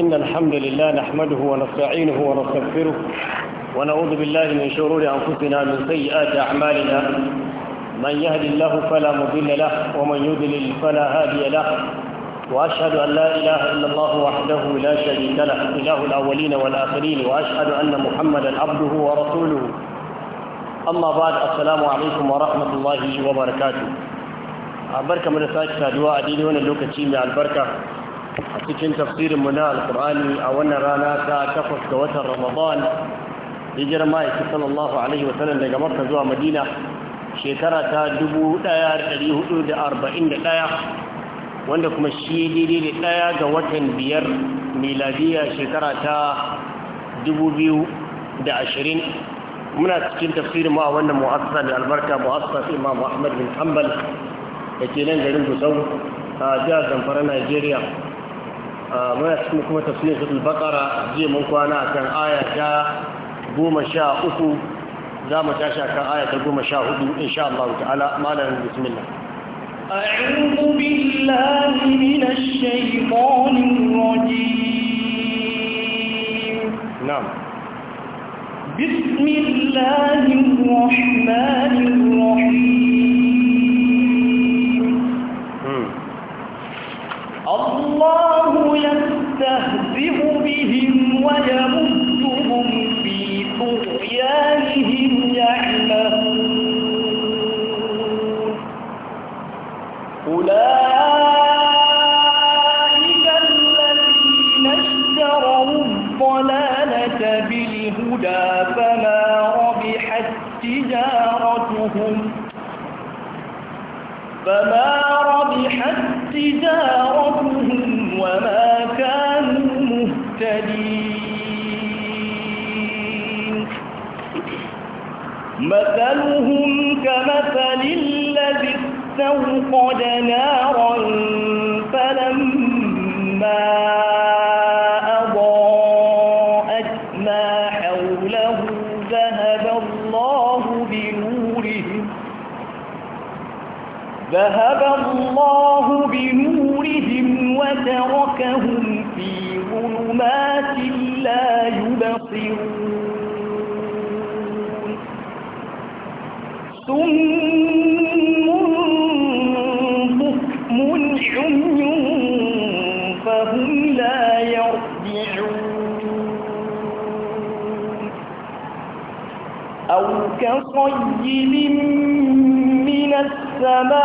إن الحمد لله نحمده ونستعينه ونستغفره ونعوذ بالله من شرور أنفسنا من سيئات أعمالنا من يهد الله فلا مضل له ومن يضلل فلا هادي له وأشهد أن لا إله إلا الله وحده لا شريك له إله الأولين والآخرين وأشهد أن محمدا عبده ورسوله أما بعد السلام عليكم ورحمة الله وبركاته أبركة آه، من ساعة سادواء دينونا اللوكة على البركة a cikin tafsirinmu mu na alkur'ani a wannan rana ta takwas ga watan ramadan hijirar ma'aiki sallallahu alaihi wasallam daga makka zuwa madina shekara ta 1441 wanda kuma shi daidai da daya ga watan biyar miladiya shekara ta da ashirin. muna cikin tafsirin ma wannan mu'assasa da albarka mu'assasa imam ahmad bin hanbal da ke nan garin gusau a jihar zamfara nigeria muna cikin kuma tafsirin suratul baqara jiya mun kwana akan aya ta 13 za mu tashi akan aya ta 14 insha Allah ta'ala malam bismillah a'udhu billahi minash shaitanir rajim na'am بسم الله الرحمن الرحيم الله يستهزئ بهم ويمدهم في طغيانهم يعمهون أولئك الذين اشتروا الضلالة بالهدى فما ربحت تجارتهم فما ربحت تجارتهم مثلهم كمثل الذي استوقد نارا فلما أضاءت ما حوله ذهب الله بنورهم ذهب الله بنورهم وتركهم كصيب من السماء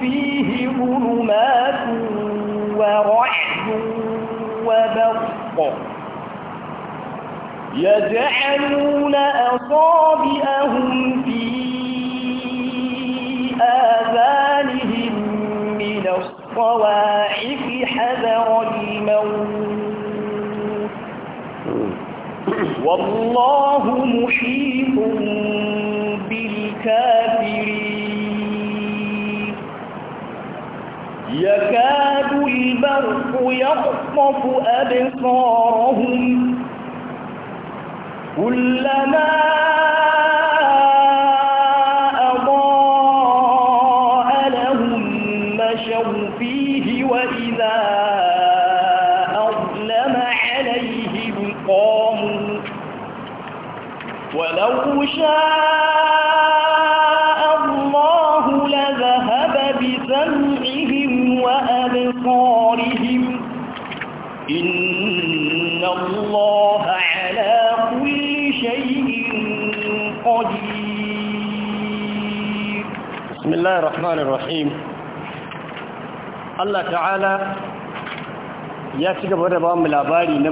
فيه ظلمات ورعد وبرق يجعلون أصابئهم في آذانهم من الصواعق حذر الموت والله محيط بالكافرين يكاد البرق يخطف أبصارهم كلما الله لذهب بسمعهم وأبصارهم إن الله على كل شيء قدير بسم الله الرحمن الرحيم Allah تعالى ya ci gaba da ba mu labari na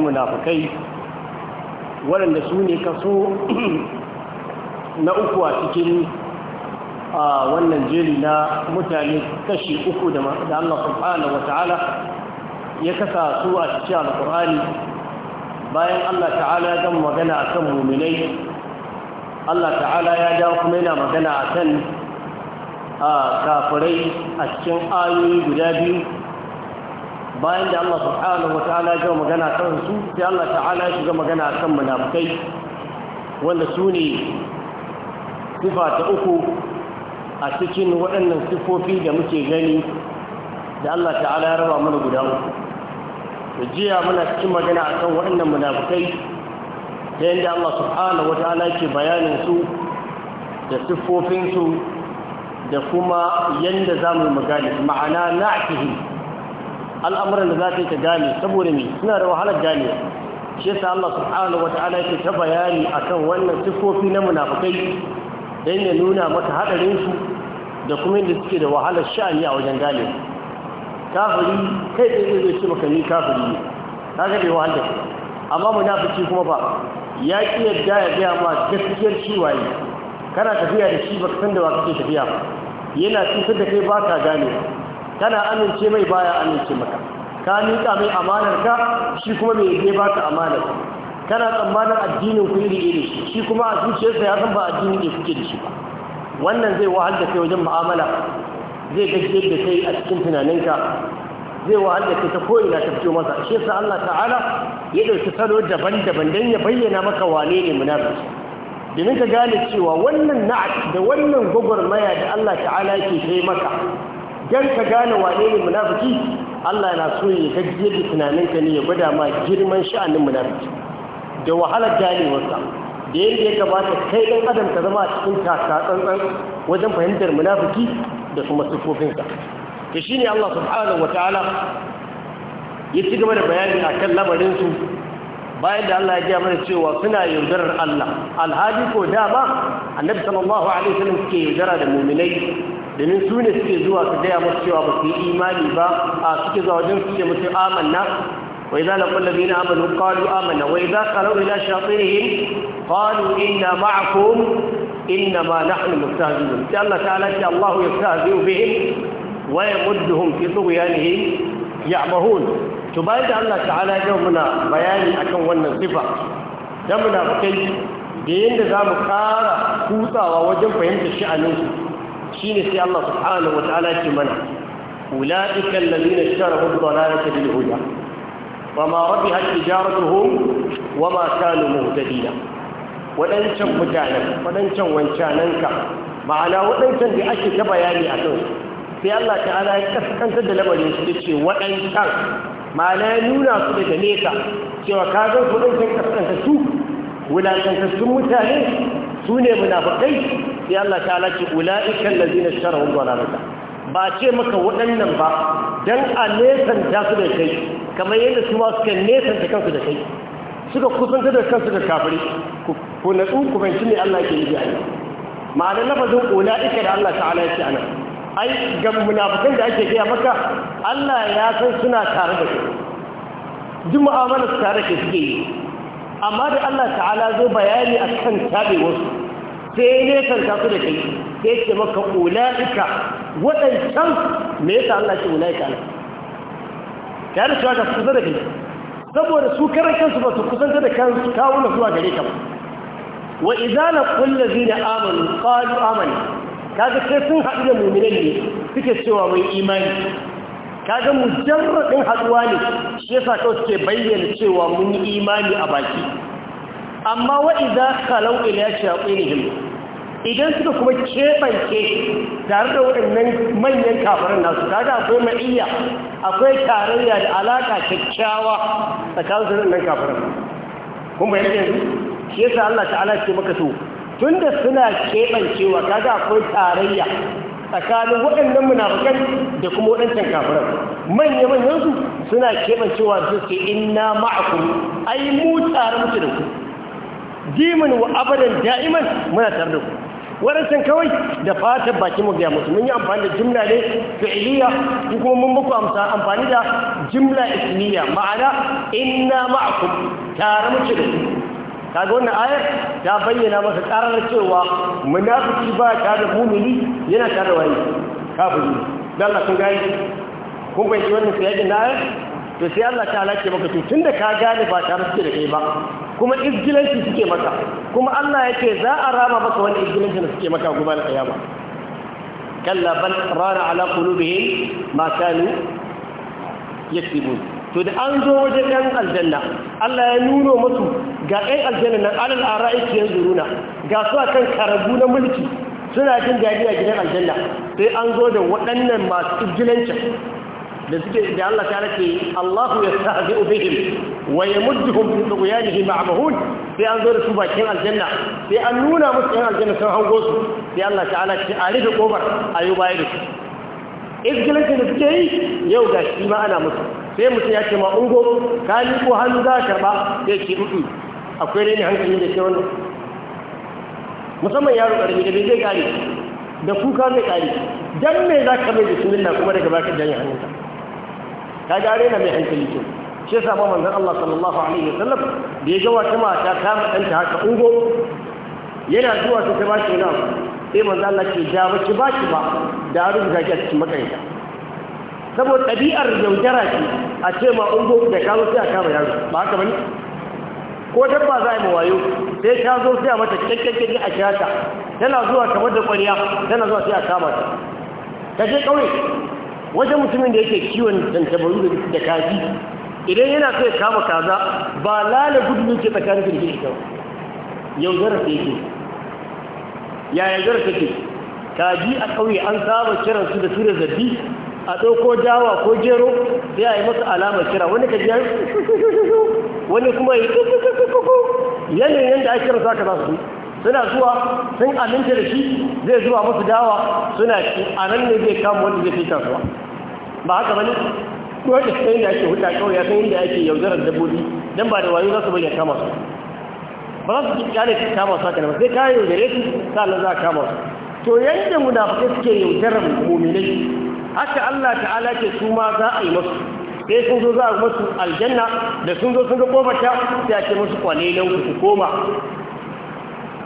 na uku a cikin wannan jeri na mutane kashi uku da Allah subhanahu wa ta'ala ya kasa su a cikin alkur'ani bayan Allah ta'ala ya gama magana a kan muminai Allah ta'ala ya dawo kuma yana magana a kan kafirai a cikin ayoyi guda biyu bayan da Allah subhanahu wa ta'ala ya magana a kan su sai Allah ta'ala ya shiga magana a kan munafukai wanda su ne sifa ta uku a cikin waɗannan sifofi da muke gani da Allah ta'ala ya raba mana guda uku da jiya muna cikin magana a kan waɗannan munafukai ta yadda Allah subhanahu wa ta'ala ke bayanin su da sifofin su, da kuma yadda za mu yi magani ma'ana na al'amuran da za ta yi ta gane saboda mai suna da wahalar gane shi yasa Allah subhanahu wa ta'ala yake ta bayani akan wannan siffofi na munafukai don ya nuna maka haɗarinsu da kuma inda suke da wahalar sha'ani a wajen gane kafiri kai tsaye zai ce maka ni kafiri ne ta ga bai wahal amma munafiki kuma ba ya ki yadda ya gaya ma gaskiyar shi waye kana tafiya da shi baka san da wa kake tafiya ba yana cutar da kai ka gane kana amince mai baya amince maka ka miƙa mai amanar ka shi kuma mai yadda ba ka amanar kana tsammanin addinin ku yi iri shi kuma a zuciyarsa ya san ba addini ne kuke da shi ba wannan zai wahal da kai wajen mu'amala zai gajiyar da kai a cikin tunaninka zai wahal da kai ta ko'ina ta fito masa shi yasa Allah ta'ala ya ɗauki salo daban-daban don ya bayyana maka wane ne munafiki domin ka gane cewa wannan na'at da wannan gwagwarmaya da Allah ta'ala ke kai maka don ka gane wane ne munafiki Allah na so ya gajiyar da tunaninka ne ya gwada ma girman sha'anin munafiki da wahalar ganewarsa da yadda ya gabata kai ɗan adam ta zama a cikin tasa tsantsan wajen fahimtar munafiki da kuma sufofinsa da shi ne Allah subhanahu Ta'ala ya ci gaba da bayani a kan lamarinsu bayan da Allah ya gaya mana cewa suna yaudarar Allah alhali ko dama annabi sallallahu alaihi wasallam suke yaudara da muminai domin su ne suke zuwa su gaya musu cewa ba su yi imani ba a suke zuwa wajen suke musu amanna وإذا لقوا الذين آمنوا قالوا آمنا وإذا خلوا إلى شاطرهم قالوا إنا معكم إنما نحن مستهزئون إن الله تعالى الله يستهزئ بهم ويمدهم في طغيانهم يعمهون تبايد الله تعالى يومنا بيان أكون ونا صفة يومنا بكي دين دام كارا كوتا ووجم فهمت الشأن شين سي الله سبحانه وتعالى جمنا أولئك الذين اشتروا الضلالة بالهدى fama rabihat tijaratuhum wama kanu muhtadina wadancan mutanen wadancan wancananka ma'ana wadancan da ake ta bayani a kan sai Allah ta'ala ya kaskantar da labarin su yace wadancan ma'ana ya nuna su daga nesa cewa ka ga wadancan kaskantattu wulakantattun mutane su ne munafikai sai Allah ta'ala ce ula'ikal ladina sharahu dhalalata ba ce maka waɗannan ba don a nesanta su da kai kamar yadda su ma suka nesanta kansu da kai suka kusanta da kansu da kafiri ko na tsun shi ne Allah ke yi a yi ma'ana fasin ƙola ika da Allah ta'ala ya ce ana ai ga munafukan da ake gaya maka Allah ya san suna tare da kai duk su tare da suke yi amma da Allah ta'ala zo bayani a kan tabewarsu sai ne ta su da kai sai ce maka ƙola ika waɗancan me yasa Allah ke wula ya ta da cewa da kusa da kai saboda su karan kansu ba su kusanta da kansu kawunan zuwa gare ka ba wa izana kulle zina amanu qalu amanu kaga sai sun haɗu da mu'minan ne suke cewa mai imani kaga mujarradin haɗuwa ne shi yasa kawai suke bayyana cewa mun yi imani a baki amma wa idza khalau ila shayatinihim idan suka kuma keɓance tare da waɗannan manyan kafarar nasu kaga akwai ma'iyya akwai tarayya da alaƙa kyakkyawa a su waɗannan kafarar. kun bayan yanzu shi yasa Allah ta'ala ce maka tun tunda suna keɓancewa kaga akwai tarayya tsakanin waɗannan munafukan da kuma waɗancan kafarar, manya-manyan su suna keɓancewa su suke inna ma'akum ai mu tare muke da ku dimin wa abadan da'iman muna tare da ku waɗancan kawai da fatan baki mu gaya musu mun yi amfani da jimla ne fi'iliya ko kuma mun muku amsa amfani da jimla ismiya ma'ana inna ma'akum tare muke da ku kaga wannan ayar ta bayyana masa karar cewa munafiki ba ta da mumini yana tare da wani kafiri dan Allah kun gani kun bayyana wannan sayyidin ayar to sai Allah ta halake maka to tunda ka gane ba tare da kai ba kuma izgilanci suke maka kuma Allah yake za a rama maka wani izgilanci da suke maka gobe alƙiyama kalla bal rana ala qulubihim ma kanu yaktubun to da an zo wajen ɗan aljanna Allah ya nuno musu ga ɗan aljanna nan alal ara'iki yanzuruna ga su akan karabu na mulki suna jin daɗi a gidan aljanna sai an zo da waɗannan masu izgilancin da suke da Allah ta rake Allahu yastahzi'u bihim wa yamudduhum fi tughyanihim ma'mahun sai an zo da su bakin aljanna sai an nuna musu yan aljanna sun hango su sai Allah ta'ala ce a rufe kofar a yi baya da su izgilancin da suke yi yau ga shi ma ana musu sai mutum ya ce ma ungo ka yi ko hannu za a karɓa sai ce uku akwai rene hankali da ke wannan musamman yaro ƙarfi da bai zai ƙare da kuka zai ƙare dan me za ka mai bismillah kuma daga bakin janye hannunka ka gare na mai hankali kyau shi yasa ba manzon Allah sallallahu alaihi wasallam da ya ga wata mata ta mutanta haka ungo yana zuwa ta ba shi nan sai manzon Allah ke ja ba ki ba ki ba da rubuta ki a cikin makaranta saboda ɗabi'ar yaudara ce a ce ma ungo da kawo sai a kama yaro ba haka bane ko dabba za a yi mawayo sai ta zo sai a mata kyakkyakken a kira ta tana zuwa kamar da ƙwariya tana zuwa sai a kama ta ta je ƙauye wajen mutumin da yake kiwon tantabaru da kaji idan yana so ya kama kaza ba lala gudu ke tsakanin da shi yau zara ta yake ya yaudara ta kaji a kauye an saba kiran su da tura zabi a ɗauko dawa ko jero sai a yi masa alamar kira wani ka ji wani kuma yi yanayin yadda ake rasa ka za su suna zuwa sun aminta da shi zai zuwa musu dawa suna a nan ne zai kama wanda zai fi kasuwa ba haka bane ko da sai da ake huta kawai ya san inda ake yaudarar dabbobi dan ba da wayo za su bayyana kama su ba za su kare su kama su haka ba sai ka yaudare su sannan za a kama su to yadda munafukai suke yaudarar muminai haka Allah ta'ala ke su ma za a yi masu sai sun zo za a masu aljanna da sun zo sun ga ta sai a ce musu kwalelan ku koma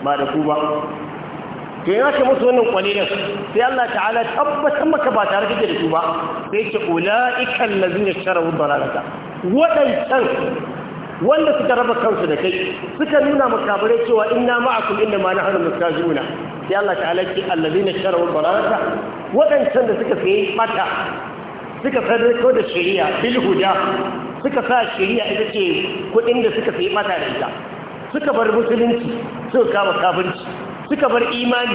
ba da ku ba to yana ka musu wannan kwalilin sai Allah ta'ala tabbatar maka ba tare kake da su ba sai ce ula'ika lazina sharabu dalalata wadancan wanda suka raba kansu da kai suka nuna makabarai cewa inna ma'akum inna ma nahnu mustajibuna sai Allah ta'ala ce allazina sharabu dalalata wadancan da suka sayi mata suka sadarko da shari'a bil huda suka sa shari'a ita ce kudin da suka sayi mata da ita suka bar musulunci suka kama kafirci suka bar imani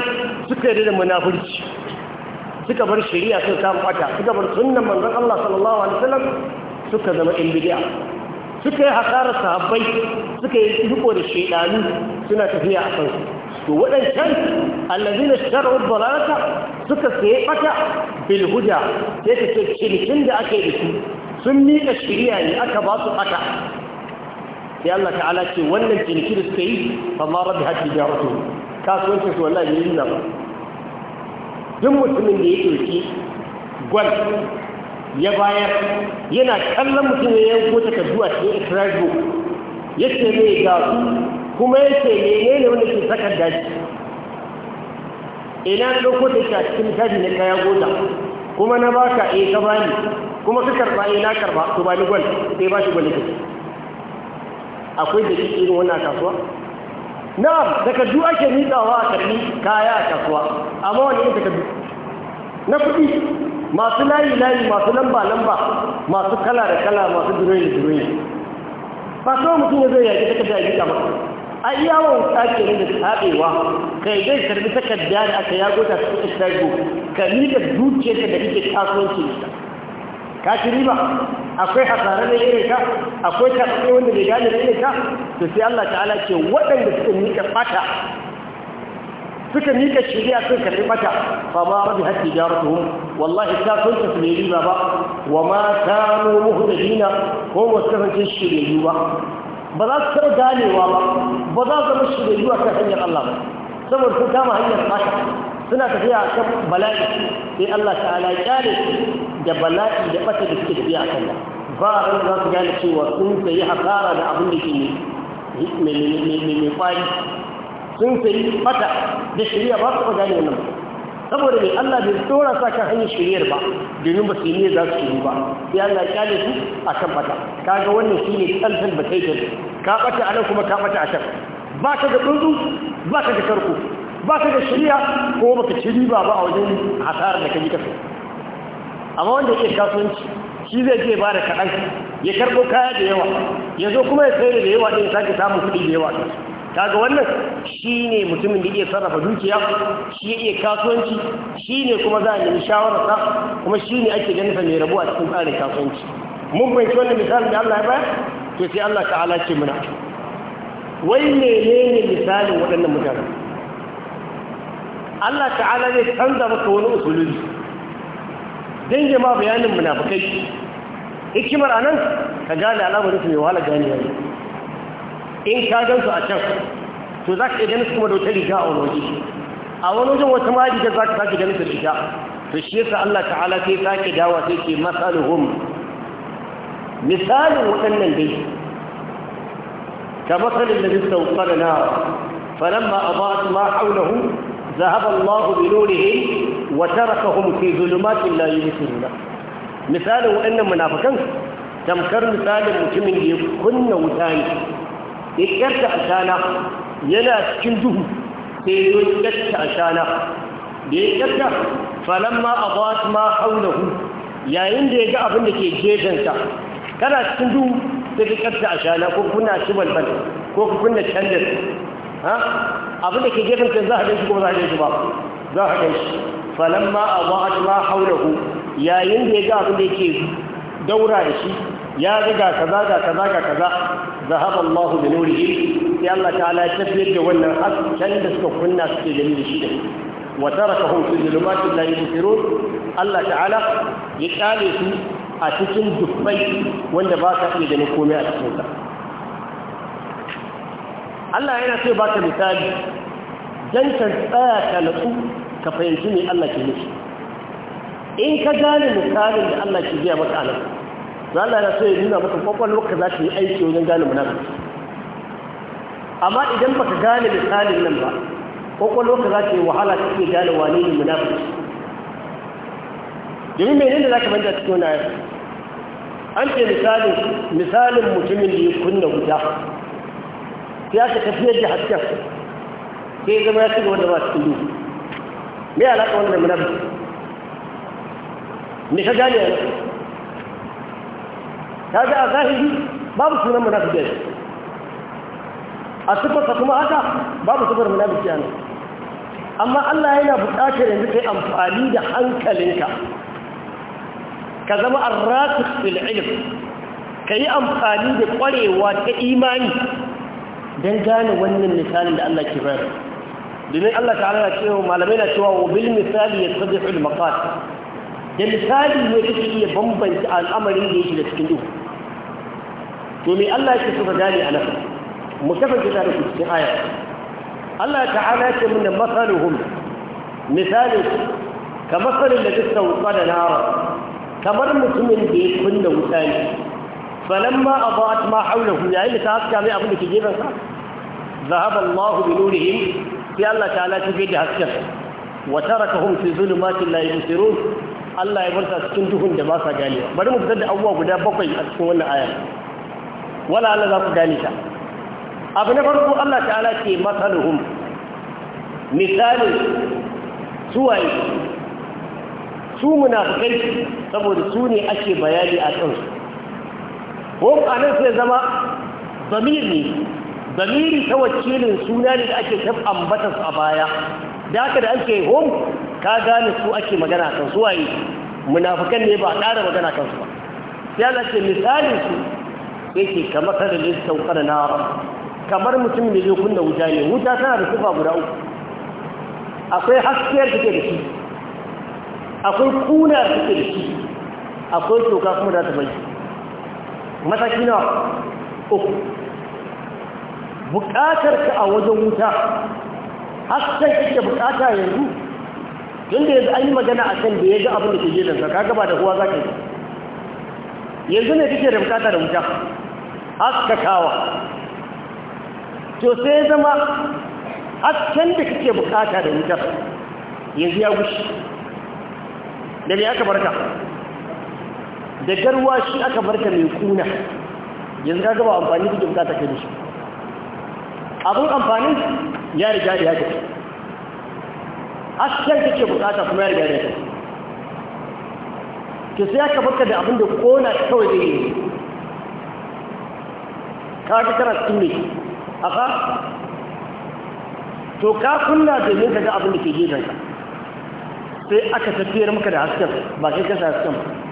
suka yarda da munafirci suka bar shari'a suka kama kwata suka bar sunan manzon Allah sallallahu alaihi wasallam suka zama in suka yi hasarar sahabbai suka yi riko da shaidanu suna tafiya a kansu to waɗancan allazina shar'u dalalata suka saye bata bil huda sai ka ce cinikin da ake da su sun miƙa shari'a ne aka ba su bata sai Allah ta'ala ce wannan ciniki da suka yi amma rabbi hajji da rasu kasuwancin su wallahi yayin ba. duk mutumin da ya ɗauki gwal ya bayar yana kallon mutum ya yanko ta zuwa cikin Isra'il ya ce mai gasu kuma ya ce ne wanda ke saka daji ina na ɗauko da ita cikin daji na kaya gota kuma na baka eh ka bani kuma ka karɓa eh na karɓa to ba ni gwal sai ba shi gwal ne akwai da shi irin wannan kasuwa na'am takardu ake miƙawa a karbi kaya a kasuwa amma wani irin takardu na kudi masu layi layi masu lamba lamba masu kala da kala masu duroyi da duroyi ba so mutum ya zai yaki takarda ya miƙa kama a iya wa sake ne da tsabewa kai zai karbi takarda da aka yago ta cikin ka miƙa dukiyarka da ike kasuwanci da ka ci riba akwai hasara ne irin ka akwai tafi wanda bai gane da ta ka to sai Allah ta'ala ce waɗanda suka mika bata suka mika shari'a suka karɓi mata fa ma rabi hatti jaratuhum wallahi ta sun ta su riba ba wa ma kanu muhtadina ko ba su kasance shiryayyu ba ba za su taɓa ganewa ba ba za su zama shiryayyu a kan hanyar Allah ba saboda sun kama hanyar bata suna tafiya a kan bala'i sai Allah ta'ala ya kyale da bala'i da ɓata da suke tafiya a kanta ba a ranar za su gane cewa sun sayi hasara da abin da ke mai kwari sun sayi ɓata da shirya ba su gane wannan saboda mai Allah bai tsora sa kan hanyar shiryar ba domin ba su yi ne za su shiru ba sai Allah ya kyale su a kan ɓata ga wannan shi ne tsantsan ba kai ka ɓata a nan kuma ka ɓata a can ba ka ga tsuntsu ba ka da karko ba ka da shirya ko baka ci riba ba a wajen hasarar da ka ji kasa amma wanda yake kasuwanci shi zai je ba da kaɗan ya karɓo kaya da yawa ya zo kuma ya sayar da yawa ɗin sake samun kuɗi da yawa kaga wannan shi ne mutumin da iya sarrafa dukiya shi iya kasuwanci shi ne kuma za a nemi shawararsa kuma shi ne ake ganin mai rabuwa cikin tsarin kasuwanci mun bai fahimci wannan misalin da Allah ya bayar to sai Allah ta'ala ce muna wai menene misalin waɗannan mutanen Allah ta'ala zai canza maka wani usulubi dan jama bayanin munafukai hikimar nan ka gane al'amarin su mai wahala gani yayi in ka gan su a can to za ka iya ganin su kuma da wata riga a wani waje a wani wajen wata ma za ka sake ganin su riga to shi yasa Allah ta'ala sai sake dawa sai ce masaluhum misalin waɗannan dai كمثل الذي استوقد نارا فلما su ma حوله ذهب الله بنورهم وتركهم في ظلمات لا يبصرون مثال وان منافقا tamkar misalin mutumin ya kunna wuta ne ya kyarta ashana yana cikin duhu sai ya kyarta ashana da ya kyarta falamma abat ma haulahu yayin da ya ga abin da ke gefensa kana cikin duhu sai ko kuna shi ko kuna candle abin da ke gefen can za a ganshi kuma za a ganshi ba za a ganshi falamma abu'at ma haulahu yayin da ya ga abin da yake daura da shi ya ga ga kaza ga kaza ga kaza zahaba Allah bi nurihi sai Allah ala ya tafiyar da wannan hasken da suka kunna suke gani da shi wa tarakahum fi dhulumatin la yubsirun Allah ta'ala ya kale su a cikin dubbai wanda ba ka iya ganin komai a cikin sa Allah yana so baka misali don ka tsaya ka natsu ka fahimci me Allah ke nufi in ka gane misalin da Allah ke gaya maka anan to Allah yana so ya nuna maka kwakwalwarka za ta yi aiki wajen gane munafiki amma idan baka gane misalin nan ba kwakwalwarka za ta yi wahala ka ke gane wane ne munafiki domin menene da za ka banta cikin wani an ce misalin mutumin da ya kunna guda sai aka tafiyar da hasken sai zama ya cigaba da ba cikin duhu me ya wanda wannan munafiki me ka gane yana ta ga a zahiri babu sunan munafiki yana a sifarsa kuma haka babu sifar munafiki yana amma Allah yana buƙatar yanzu kai amfani da hankalinka ka zama arratus fil ilm ka yi amfani da ƙwarewa ta imani don gane wannan misalin da Allah ke bayar domin Allah ta'ala na cewa malamai na cewa wa bil misali ya sadi hul maqat da misali ne kake iya bambanta al'amarin da yake da cikin duhu to me Allah yake so ka gane a nan mu kasance tare da cikin aya Allah ta'ala ya ce mana masaluhum misalin kamar sanin da duk sauka da nara kamar mutumin da ya kunna wuta ne falamma adat ma hawlahu yayin da ta haska mai abin da ke gefen sa zahaba Allahu bi nurihim sai Allah ta'ala ta da hasken wa tarakahum fi zulumatin la yusirun Allah ya barta cikin duhun da ba sa ganewa bari mu fitar da abubuwa guda bakwai a cikin wannan aya wala Allah za ku gane ta abu na farko Allah ta'ala ce masaluhum misalin suwaye su munafikai saboda su ne ake bayani a kansu hum a nan sai zama zamiri zamiri ta wakilin suna ne da ake tab ambatas a baya da haka da ake hum ka gane su ake magana kan su waye munafikan ne ba ƙara magana kan su ba sai Allah ce misalin su yake kamar da ne saukar na kamar mutum da zai kunna wuta ne wuta tana da sifa guda uku akwai haskiyar take da shi akwai kuna take da shi akwai toka kuma da ta bai mataki nawa uku buƙatar ka a wajen wuta hasken ke buƙata yanzu inda yanzu an yi magana a kan da ya ga abin da ke jefinsa ka gaba da kuwa za yi yanzu ne kike da buƙata da wuta haskakawa to sai zama hasken da kike buƙata da wuta yanzu ya gushi da ne aka barka da garwa shi aka barka mai kuna yanzu ka gaba amfani da ta kai da shi abin amfani ya riga da ya tafi asken ce bukata kuma ya riga da ya tafi ke sai aka barka da abin da kona kawai zai yi ka ga kana cikin ne aka to ka kunna domin ka ga abin da ke gefenka sai aka tafiyar maka da hasken ba kai kasa hasken ba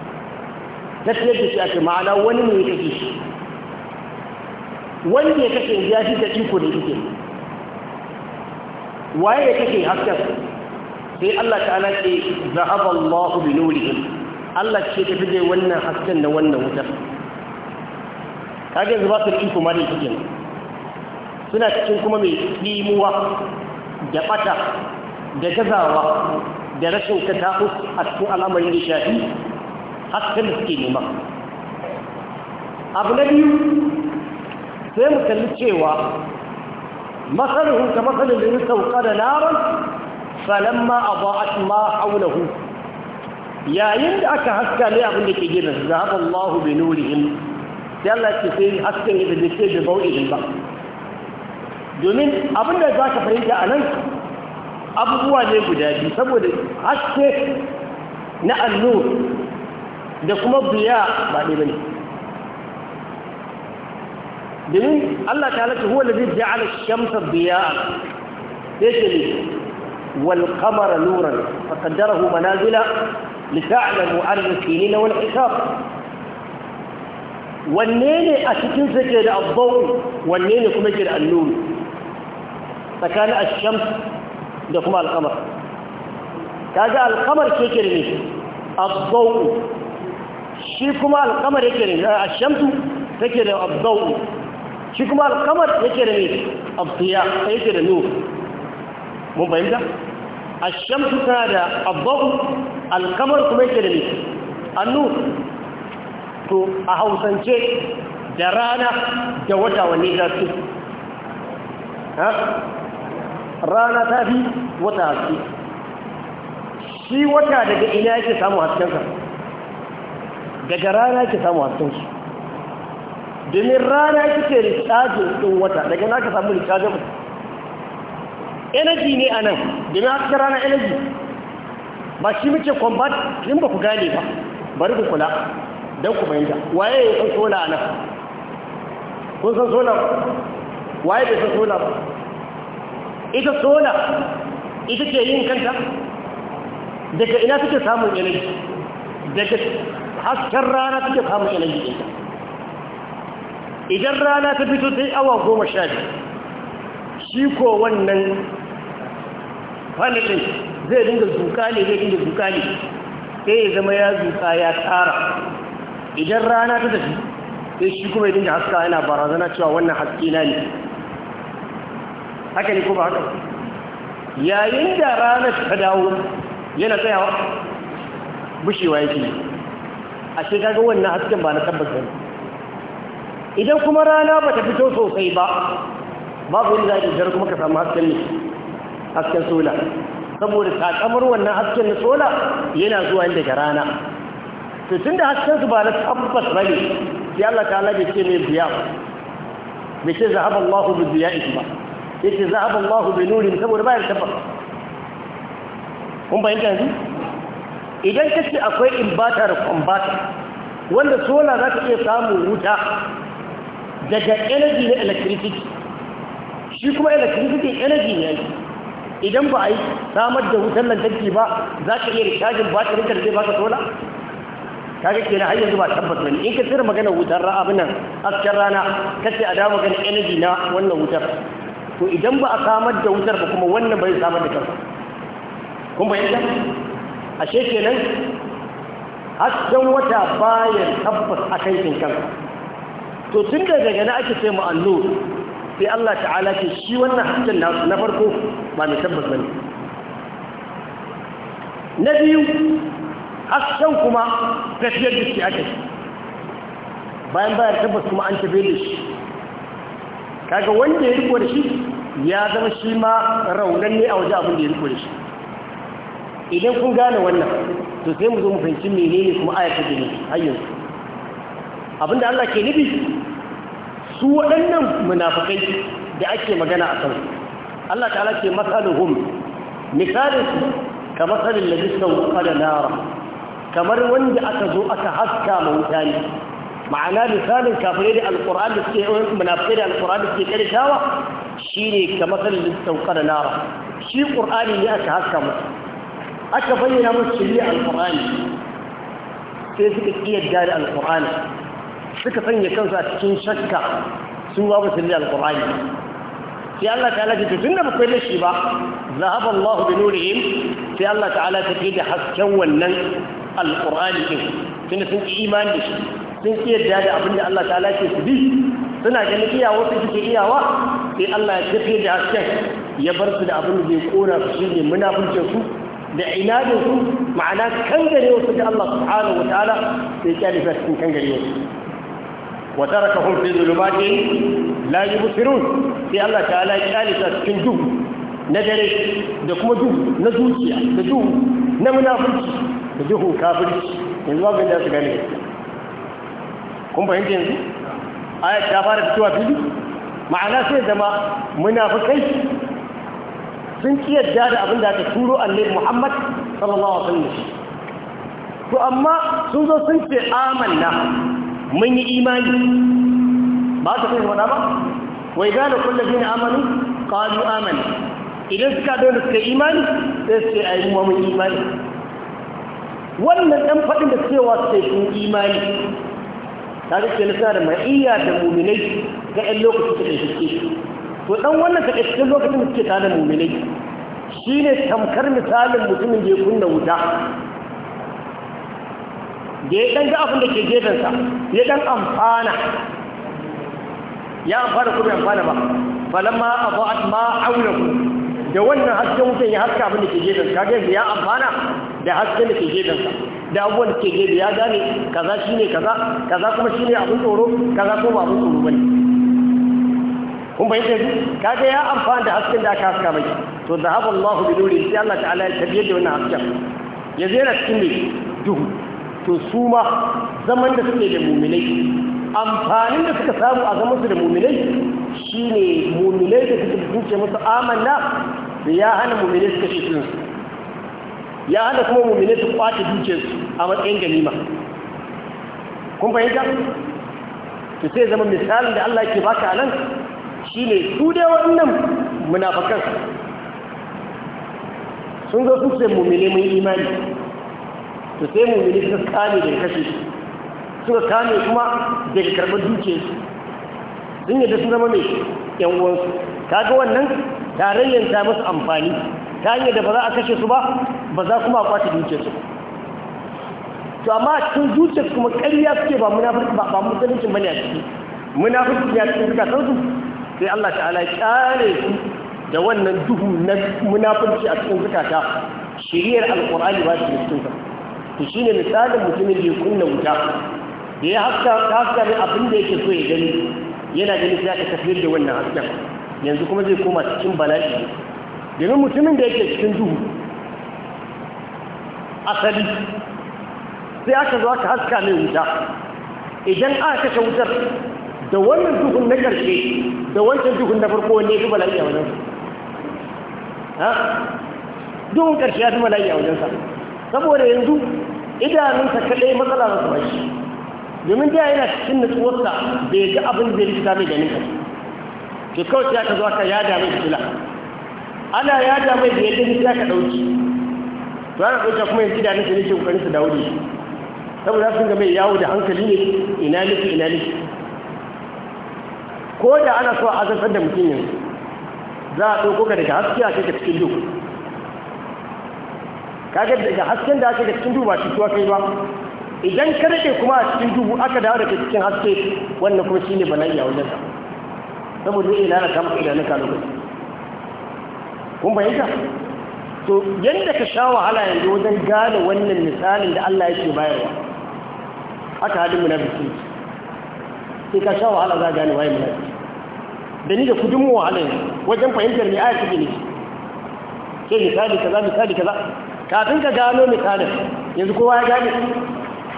na tiyar da shi a ma'ana wani ne ya kashe shi wani ne kashe ya shi da iko da ike waye ya kashe hasken sai Allah ta'ala ce za'aba Allahu bi nurihim Allah ce ta fije wannan hasken da wannan wutar kage zuba su iko ma da ike suna cikin kuma mai limuwa da bata da gazawa da rashin katakus a cikin al'amarin da shafi hakan suke neman abu na biyu sai mu kalli cewa matsalin ka matsalin da ya sauka da naman falamma a ba'at ma haulahu yayin da aka haska ne abin da ke gina zaba Allahu bi nurihim sai Allah ke sai hasken da bai ce bi ba domin abin da za ka fahimta a nan abubuwa ne guda biyu saboda haske na annur da kuma biya ba ɗaya bane domin Allah ta halatta huwa lazi ja'ala shamsa biya sai ce ne wal qamara nuran fa qaddarahu manazila li ta'lamu adada sinina wal hisab wanne ne a cikin sa ke da abbawu wanne ne kuma ke da annuru tsakanin ashams da kuma alqamar kaga alqamar ke ke ne abbawu shi kuma alkamar yake da ashamtu take da abdau shi kuma alkamar yake da ne abdiya yake da nur mun fahimta ashamtu tana da abdau alkamar kuma yake da ne annu to a hausance da rana da wata wani za su rana ta fi wata haske shi wata daga ina yake samun haskensa daga rana ke samu haskenki domin rana kike rikaji ɗin wata daga na ka samu rikajin energy ne a nan domin hasken rana energy ba shi muke combat in ba ku gane ba bari ku kula don ku fahimta waye ya san sola a nan kun san sola waye bai san sola ba ita sola ita ke yin kanta daga ina suke samun energy daga hasken rana take samun energy ɗinta idan rana ta fito sai awa goma sha biyu shi ko wannan fanatin zai dinga zuka ne zai dinga zuka ne sai ya zama ya zuka ya tara idan rana ta tafi sai shi kuma ya dinga haska yana barazana cewa wannan haske na ne haka ne ko ba haka yayin da rana ta dawo yana tsayawa bushewa yake ne a shiga wannan hasken ba na tabbas bane idan kuma rana ba ta fito sosai ba babu wani zai jar kuma ka samu hasken ne hasken sola saboda takamar wannan hasken na sola yana zuwa inda ga rana to tun da hasken su ba na tabbas ne sai Allah ta bai ce mai biya mai ce zahaba Allahu bi biya'ihi ba yace zahaba Allah bi nuri saboda ba ya tabbas kun bayyana yanzu idan ka ce akwai inbatar kwambata, wanda sola za ka iya samun wuta daga energy na electricity shi kuma electricity energy ne idan ba a yi samar da wutar lantarki ba za ka iya rikajin batirin da zai baka sola ga kenan na hanyar zuba tabbas wani in ka tsira magana wutar ra'a binan hasken rana ce a da magana energy na wannan wutar to idan ba a samar da wutar ba kuma wannan bai samar da kansa kun bayyana ashe kenan hasken wata bayan tabbas a kan to tun da daga na ake ce ma'allo sai Allah ta'ala ce shi wannan hasken na farko ba mai tabbas ba ne na biyu hasken kuma tafiyar da shi ake bayan bayan tabbas kuma an tafi da shi kaga wanda ya riko da shi ya zama shi ma raunan ne a waje abin da ya riko da shi idan kun gane wannan to sai mu zo mu fahimci menene kuma ayar ta gini abinda Allah ke nufi su waɗannan munafikai da ake magana a kansu Allah ta'ala ce masaluhum misalin su ka masalin da bisa da nara kamar wanda aka zo aka haska ma wuta ma'ana misalin kafirai da alƙur'an da suke munafikai da alƙur'an da suke karshawa shine ka masalin da bisa da nara shi ƙur'ani ne aka haska mutane aka bayyana musu shari'a alqur'ani sai suka kiyarda da alqur'ani suka sanya kansu a cikin shakka sun ba musu shari'a alqur'ani sai Allah ta'ala ta tunda ba kai shi ba zahaba Allah bi nurihim sai Allah ta'ala ta da hasken wannan alqur'ani din tunda sun ƙi imani da shi sun kiyarda da abinda Allah ta'ala ke su bi suna ganin iyawa su suke iyawa sai Allah ya tafi da hasken ya bar su da abin da zai kora su shine munafincin su da inadin su ma'ana kangare wasu da Allah subhanahu ta'ala sai ya kyale su cikin kangare wasu wa tarakahum fi dhulumatin la yubsirun sai Allah ta'ala ya kyale su cikin duhu na dare da kuma duk na zuciya da duhu na munafurci da duhu kafirci yanzu babu da su gane kun fahimta yanzu ayat ta fara fitowa fili ma'ana sai zama munafikai sun ƙi yadda da abin da ta turo annabi Muhammad sallallahu alaihi wasallam to amma sun zo sun ce amanna mun yi imani ba ta kai wada ba wai ga da kullu bin amanu qalu amanna idan suka da suka imani sai su ce ai mu mun imani wannan dan fadin da cewa sai sun imani ta ce lissa da ma'iyya da mu'minai ga ɗan lokacin da take to dan wannan ka cikin lokacin da suke tare da mummunai shi ne tamkar misalin mutumin da ya kunna wuta da ya ɗan ga abin da ke gefensa ya ɗan amfana ya amfana kuma ya amfana ba ma a fa'ad ma ku. da wannan hasken wutan ya haska abin da ke gefensa kaga ya amfana da hasken da ke gefensa da abubuwan da ke gefe ya gane kaza ne kaza kaza kuma shi ne abin tsoro kaza kuma abin tsoro bane kun bai ka kaga ya amfana da hasken da aka haska mai to Zahabu Allahu bi nuri sai Allah ta'ala ya tafi da wannan hasken ya zera cikin ne duhu to su ma zaman da suke da mu'minai amfanin da suka samu a zaman su da mu'minai shine mu'minai da suke zuciya musu amanna da ya hana mu'minai suka shi sun ya hana kuma mu'minai su kwace dukiyarsu a matsayin ganima kun fahimta to sai zama misalin da Allah ke baka nan ne, su dai wannan munafakan sun zo su sai mummune mun imani su sai mummune suka kame da kashe su suka kame kuma daga karɓar su sun yadda su zama mai yan uwansu ga wannan tarayyar ta musu amfani ta yi da ba za a kashe su ba ba za kuma a kwace su to amma cikin dukiyarsu kuma ƙarya suke ba munafurci ba ba musulunci bane a ciki munafurci ya cikin suka san su sai Allah ta'ala ya kare su da wannan duhu na munafurci a cikin zukata shiriyar alqur'ani ba su cikin ka to shine misalin mutumin da ya kunna wuta da ya haska haska ne abin da yake so ya gani yana gani sai aka tafiyar da wannan hasken yanzu kuma zai koma cikin bala'i domin mutumin da yake cikin duhu asali sai aka zo aka haska mai wuta idan aka kashe wutar da wannan duhun na ƙarshe da wancan dukun na farko wanne ya fi bala'i a wajensa duhun ƙarshe ya fi bala'i a wajensa saboda yanzu idanunsa kaɗai matsala masu bashi domin da yana cikin nutsuwarsa bai ga abin da rikita mai ganin ka ke kawai ya ka zo aka ya dame fitila ana ya dame da yadda rikita ka ɗauki to ana ɗauka kuma yanzu idanunsa ne ke ƙoƙarin su da wuri saboda sun ga mai yawo da hankali ne ina nufi ina nufi ko da ana so a azantar da mutum yanzu za a ɗauko ka daga haske a kai cikin duhu kaga daga hasken da ake da cikin duhu ba tuwa kai ba idan ka rike kuma a cikin duhu aka dawo daga cikin haske wannan kuma shine bala'i a wajen ka saboda zai lalata maka idanunka lokaci kun bayyana to yadda ka sha wahala yanzu wajen gane wannan misalin da Allah yake bayarwa aka hadin mu na bisu sai ka sha wahala za a gane waye munafiki da ni da kudin mu wahala ne wajen fahimtar ne ayar take ne sai misali kaza misali kaza kafin ka gano misalin yanzu kowa ya gane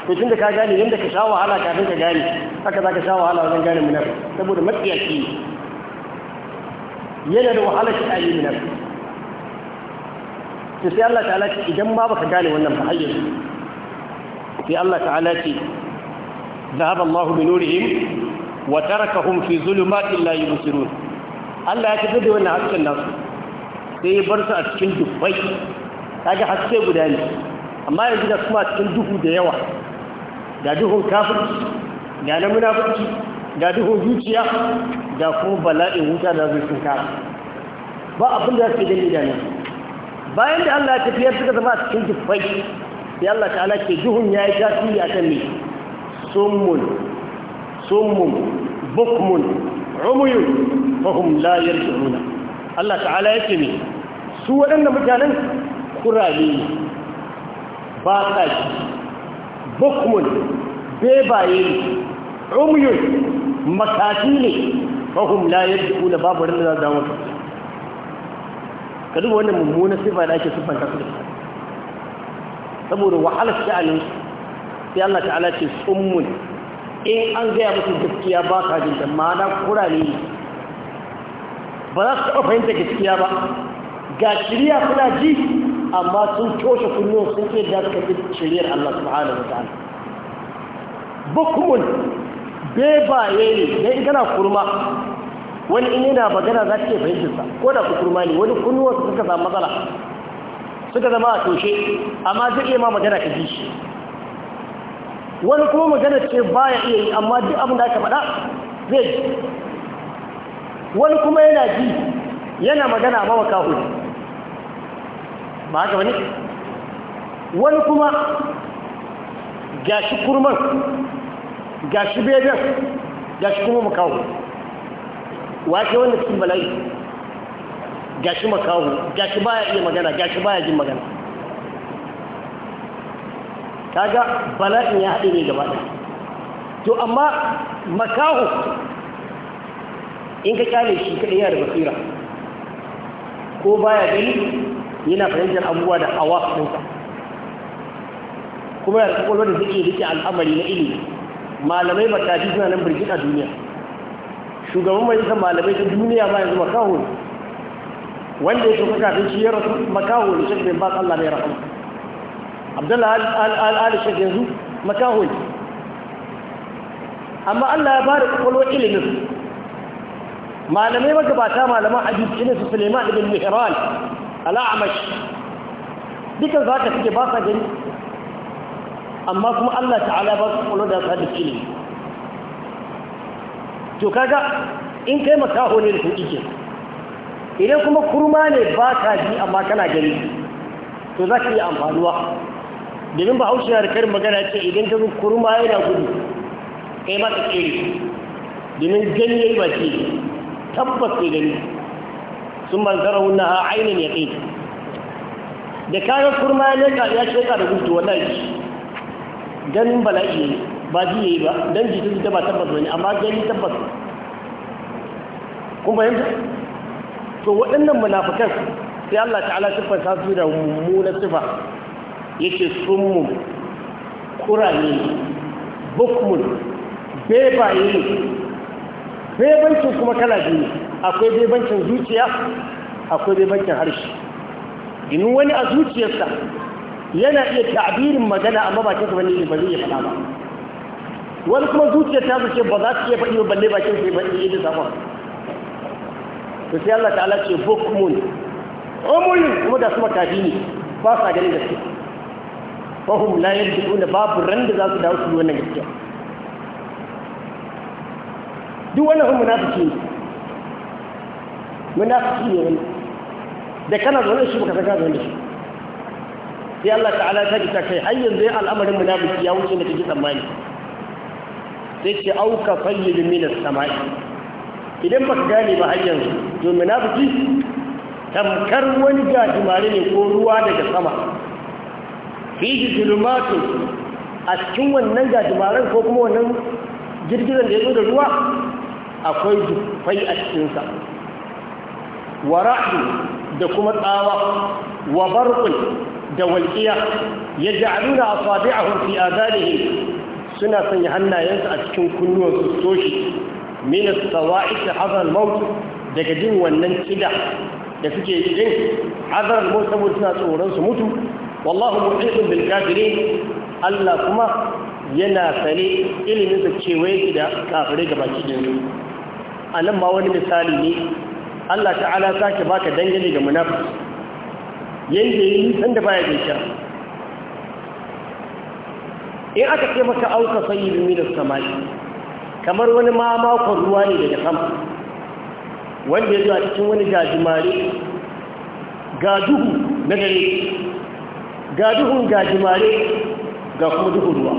to tun da ka gane yadda ka sha wahala kafin ka gane haka za ka sha wahala wajen gane munafiki saboda matsiyaci yana da wahala shi a yi munafiki to sai Allah ta'ala ce idan ma baka gane wannan ba hayyar sai Allah ta'ala ce ذهب الله بنورهم wa tarakahum fi zulumatin la yubsirun Allah ya tafi da wannan hasken nasu sai ya bar su a cikin dubbai kaga haske guda ne amma yanzu da kuma cikin duhu da yawa Da duhun kafirci da na munafurci da duhun zuciya da kuma bala'in wuta da zai sun kara ba abin da su gani da nan bayan da Allah ya tafiyar suka zama a cikin dubbai sai Allah ta'ala ke duhun ya yi tasiri a kan ne summun summun bukmun umuyun fahim la yarji'una Allah ta'ala yake ne su waɗanda mutanen kurale ba sa ji bukmun bebaye ne umuyun makafi ne Fahim la yarji'una babu ran da za su ka duba wannan mummunan sifa da ake siffanta su da saboda wahalar sha'anin sai Allah ta'ala ce summun in an gaya musu gaskiya ba ka jinta ma'ana ne ba za su taɓa fahimta gaskiya ba ga shirya kuna ji amma sun toshe kunyo sun ke da suka fi shiryar Allah subhanahu wa ta'ala bukumun bebaye ne dan in kana kurma wani in yana magana za ke fahimtar sa ko da ku kurma ne wani kunnuwa suka samu matsala suka zama a toshe amma zai iya ma magana ka ji shi wani kuma magana ce baya iya yi amma duk abin da aka faɗa zai ji wani kuma yana ji yana magana ma makaho ba haka wani wani kuma gashi kurman gashi beden gashi kuma makaho wake wanda cikin bala'i gashi makaho gashi baya iya magana gashi baya jin magana kaga bala'in ya haɗe ne gaba ɗaya to amma makaho in ka kyale shi kaɗai yana da basira ko baya gani yana fahimtar abubuwa da awa ɗinsa kuma ya kwakwalwa da suke rike al'amari na ilimi malamai tafi suna nan birgin a duniya shugaban majalisa malamai ta duniya ma yanzu makaho ne wanda ya shuka kafin shi ya rasu makaho ne shakin ba Allah mai rahama abdullahi al-alishek yanzu makaholi amma allah ya bada kwakwalwar ilimin malamai magabata malaman abinci ne su suleiman ibn mihran al'amash Dukkan za ka suke ba sa gani amma kuma allah ta'ala ba su kwakwalwar da su hadisi ilimi to kaga in kai makaho ne da kuɗi ke idan kuma kurma ne ba ka ji amma kana gani to za ka iya amfanuwa domin ba haushi na da karin magana ce idan ta zo kurma yana gudu kai yi ka tsere domin gani yayi ba ce tabbas ne gani sun manzara wuna a ainihin ya kai da kayan kurma ya leka ya ka da gudu wallahi ganin bala'i ba ji ya yi ba don ji ta ba tabbas wani amma gani tabbas kun fahimta to waɗannan manafakan sai Allah ta'ala siffar ta su da mummunan sifa yake summun kurani bukmun bebaye bebancin kuma kala biyu akwai bebancin zuciya akwai bebancin harshe inu wani a zuciyarsa yana iya ta'abirin magana amma kinsa wani ba zai iya ba wani kuma zuciya ta zuce ba za su iya faɗi balle ba kinsa ba iya da zama to sai Allah ta'ala ce bukmun umul kuma da su makafi ne ba sa ganin gaskiya fahim la yadda da babu ran da za su dawo su yi wannan gaskiya duk wannan hun munafiki ne munafiki ne wani da kana zaune shi baka zaka zaune shi sai Allah ta'ala ta ji ta kai har yanzu ya al'amarin munafiki ya wuce da kake tsammani sai ce auka fayyid min as-sama'i idan baka gane ba har yanzu to munafiki tamkar wani gajimare ne ko ruwa daga sama fihi zulumatu a cikin wannan gajimaren ko kuma wannan girgizan da ya da ruwa akwai dufai a cikinsa wa ra'du da kuma tsawa wa barqul da a yaj'aluna asabi'ahum fi adanihim suna sanya hannayensa a cikin kunnuwansu toshi min as-sawa'iq hadha al-maut daga jin wannan kida da suke jin hadar al saboda suna tsoron su mutu wallahu muhitun bil kafirin Allah kuma yana sane ilimin sa cewaye da kafirai gaba cikin a nan ba wani misali ne Allah ta'ala sake baka dangane ga munafiki yanda yi san da baya gaisha in aka ce maka auka sayyidun minas samai kamar wani mamakon ruwa ne daga sama wanda ya a cikin wani gajimare ga duhu na dare ga duhun gajimare ga kuma duhun ruwa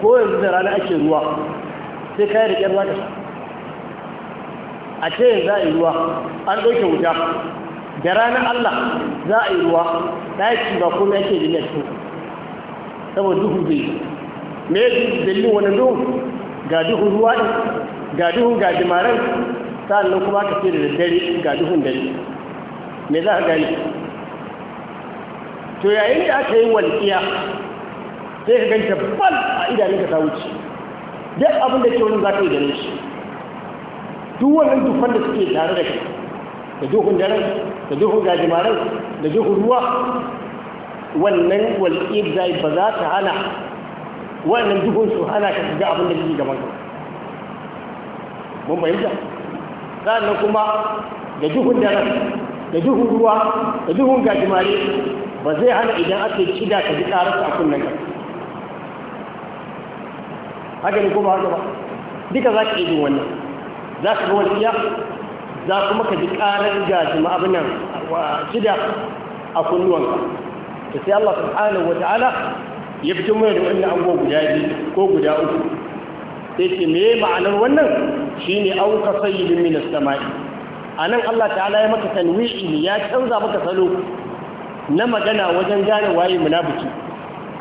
ko yanzu da rana ake ruwa sai kayi da ƙyar zaka sha a ce yanzu za a yi ruwa an ɗauke wuta da ranar allah za a yi ruwa ɗaki ba kuma yake jini a cikin saboda duhu zai me yi dalilin wani duhun ga duhun ruwa ga duhun gajimaren sa'annan kuma ka ce da daddare ga duhun dare me za a gani to yayin da aka yi walƙiya sai ka ganta bal a idanunka ta wuce duk abin da ke wani za ka yi ganin shi duk wannan tufan da suke tare da kai da duhun daren da duhun gajimaren da duhun ruwa wannan walƙiyar zai ba za ta hana wannan duhun su hana ka shiga abin da ke gaban ka mun bayyana sannan kuma da duhun daren da duhun ruwa da duhun gajimare ba zai hana idan ake kida ka ji ƙararsa a kunnen ka haka ne ko ba haka ba duka za ka iya wannan za ka ga wasiya za kuma ka ji ƙarar gajima abin nan kida a kunnuwanka ta sai Allah subhanahu wa ta'ala ya fito mai da wannan ango guda biyu ko guda uku sai ce me ma'anar wannan shine an ka sayyidin min sama'i? A nan Allah ta'ala ya maka tanwi'i ya canza maka salo na magana wajen gane waye munafiki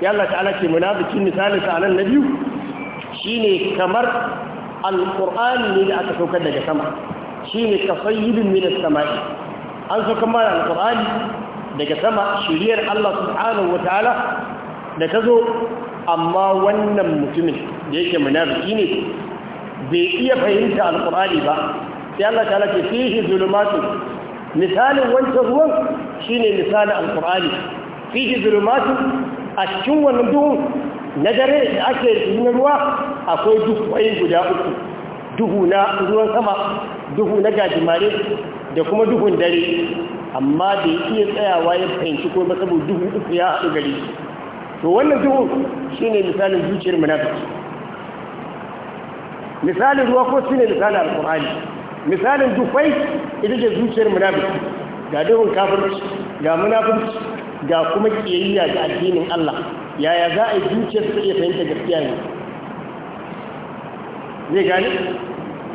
ya Allah ta'ala ce munafikin misalin sa nan na biyu shine kamar alqur'ani ne da aka saukar daga sama shine kasayyibin min as-sama'i an saukar mana alqur'ani daga sama shiriyar Allah subhanahu wataala da tazo amma wannan mutumin da yake munafiki ne bai iya fahimta alqur'ani ba sai Allah ta'ala ce fihi zulumatun misalin wancan ruwan shine misalin alqur'ani fihi zulumatu a cikin wannan duhu na dare da ake na ruwa akwai duhuwayin guda uku duhu na ruwan sama duhu na gajimare da kuma duhun dare amma da ya iya tsayawa ya fahimci ko saboda duhu uku ya haɗu gari to wannan duhu ne misalin zuciyar munafiki misalin ruwa ko shi ne misalin Alƙur'ani? misalin dufai ita ce zuciyar munafiki ga duhun kafirci ga munafurci ga kuma kiyayya ga addinin Allah yaya za a yi zuciyar su iya fahimta gaskiya ne zai gane